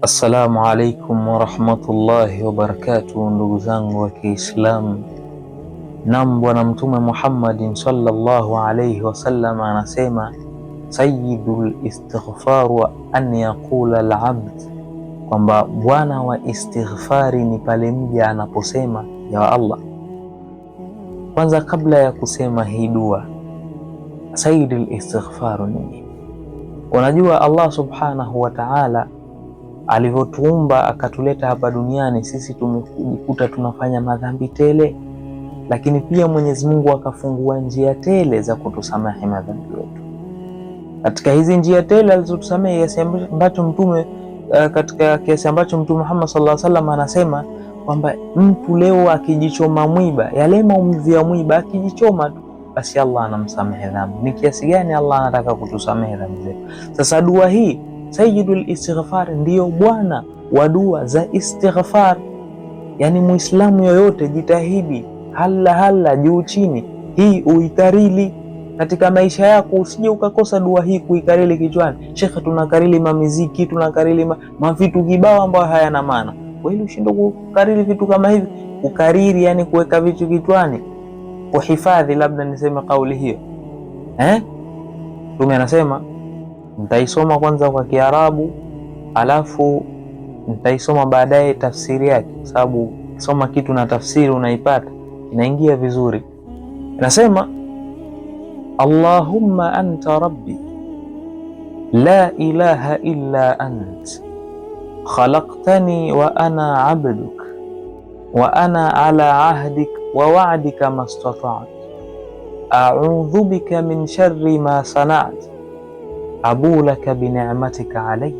Assalamu alaikum warahmatullahi wabarakatuh, ndugu zangu wa Kiislamu. Nam, Bwana Mtume Muhammadin sallallahu alaihi wasallam anasema sayyidul listighfaru an yaqula alabd, kwamba bwana wa istighfari ni pale mja anaposema ya Allah. Kwanza, kabla ya kusema hii dua, sayyidul listighfaru nini? Unajua Allah subhanahu wa ta'ala alivyotuumba akatuleta hapa duniani, sisi tumejikuta tunafanya madhambi tele, lakini pia Mwenyezi Mungu akafungua njia tele za kutusamehe madhambi yetu. Katika hizi njia tele alizotusamehe, kiasi ambacho mtume eh, katika kiasi ambacho Mtume Muhammad sallallahu alaihi wasallam anasema kwamba mtu leo akijichoma mwiba, yale maumivu ya mwiba akijichoma tu basi Allah anamsamehe dhambi. Ni kiasi gani Allah anataka kutusamehe dhambi zetu? Sasa dua hii Sayyidul Istighfar ndiyo bwana wa dua za istighfar. Yaani muislamu yoyote jitahidi, halla halla, juu chini, hii uikarili katika maisha yako, usije ukakosa dua hii kuikarili kichwani. Shekhe, tunakarili mamiziki, tunakarili ma, mavitu kibao ambayo hayana maana. kweli. ushindo kukarili vitu kama hivi, kukariri yani kuweka vitu kichwani, kuhifadhi, labda niseme kauli hiyo eh? Tume anasema nitaisoma kwanza kwa Kiarabu alafu nitaisoma baadaye tafsiri yake, kwa sababu soma kitu na tafsiri unaipata inaingia vizuri. Nasema Allahumma anta rabbi la ilaha illa ant khalaqtani wa ana abduk wa ana ala ahdik wa wa'dika mastata'tu a'udhu bika min sharri ma sana'tu abuu laka binematika alay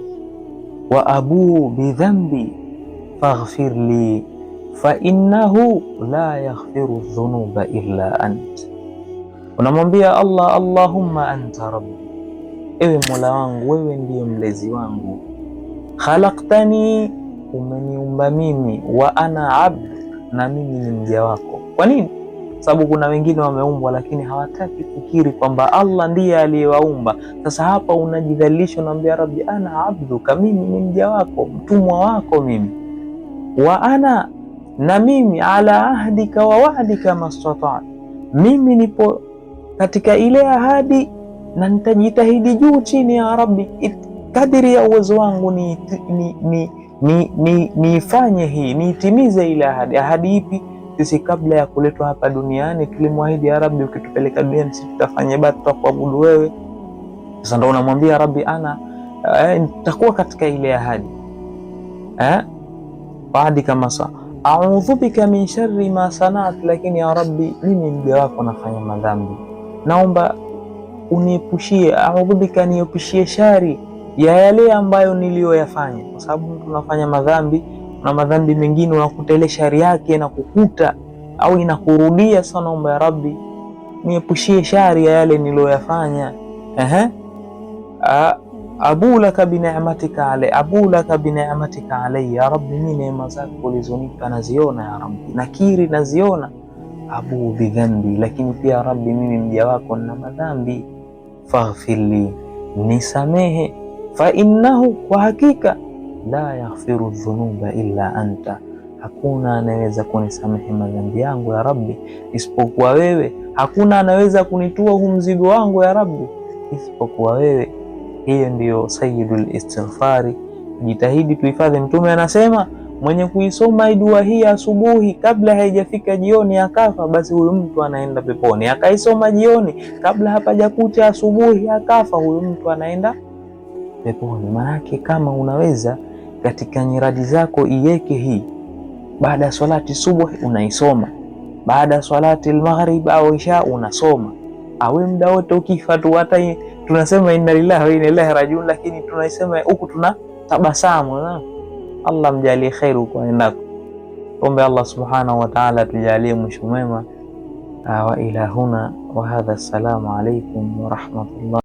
wa abuu bidhambi faghfir li fainnahu la yaghfiru dhunuba illa ant, unamwambia Allah, Allahumma anta rabbi, ewe mola wangu, wewe ndiye mlezi wangu. Khalaktani, umeniumba mimi, wa ana abd, na mimi ni mja wako. Kwa nini? sababu kuna wengine wameumbwa lakini hawataki kukiri kwamba Allah ndiye aliyewaumba. Sasa hapa unajidhalilisha, unaambia Rabbi, ana abduka, mimi ni mja wako, mtumwa wako mimi, wa ana na mimi, ala ahdika wa wa'dika mastata, mimi nipo katika ile ahadi na nitajitahidi juu chini ya Rabbi, kadiri ya uwezo wangu ni, ni, ni, ni, ni, ni hii niitimize ile ahadi. Ahadi ipi? Sisi kabla ya kuletwa hapa duniani tulimwahidi, ya Rabbi, ukitupeleka duniani sisi tutafanya ibada, tutakuabudu wewe. Sasa ndo unamwambia Rabbi, ana eh, nitakuwa katika ile ahadi eh? ahadi kama sa audhu bika min sharri ma sanat, lakini ya Rabbi, mimi mja wako nafanya madhambi, naomba uniepushie. Audhu bika, niepushie shari ya yale ambayo niliyoyafanya, kwa sababu mtu nafanya madhambi na madhambi mengine unakuta ile shari yake inakukuta au inakurudia sana. Omba ya Rabbi, niepushie shari ya yale niloyafanya. Ehe, abulaka bineematika ale abulaka bineematika alai, ya Rabbi, mimi neema zako ulizonipa naziona ya Rabbi, nakiri naziona. Abu bi bidhambi, lakini pia Rabbi, mimi mja wako na madhambi. Faghfirli, nisamehe. Fa innahu, kwa hakika la yaghfiru dhunuba illa anta, hakuna anaweza kunisamehe madhambi yangu ya Rabbi isipokuwa wewe. Hakuna anaweza kunitua huu mzigo wangu ya Rabbi isipokuwa wewe. Hiyo ndiyo sayyidul istighfari. Jitahidi tuhifadhi. Mtume anasema mwenye kuisoma dua hii asubuhi kabla haijafika jioni akafa, basi huyu mtu anaenda peponi. Akaisoma jioni kabla hapajakucha asubuhi akafa, huyu mtu anaenda peponi. Maanake kama unaweza katika nyiradi zako iweke hii, baada ya swalati subuhi unaisoma, baada ya swalati almaghrib au isha unasoma, awe muda wote ukifa tu. Hata tunasema inna lillahi wa inna ilaihi rajiun, lakini tunaisema huku tuna tabasamu. Eh. Allah mjalie kheri huko endako. Ombe Allah subhanahu wa ta'ala tujalie mwisho mwema. Wa ila huna wa hadha, assalamu alaykum wa rahmatullah.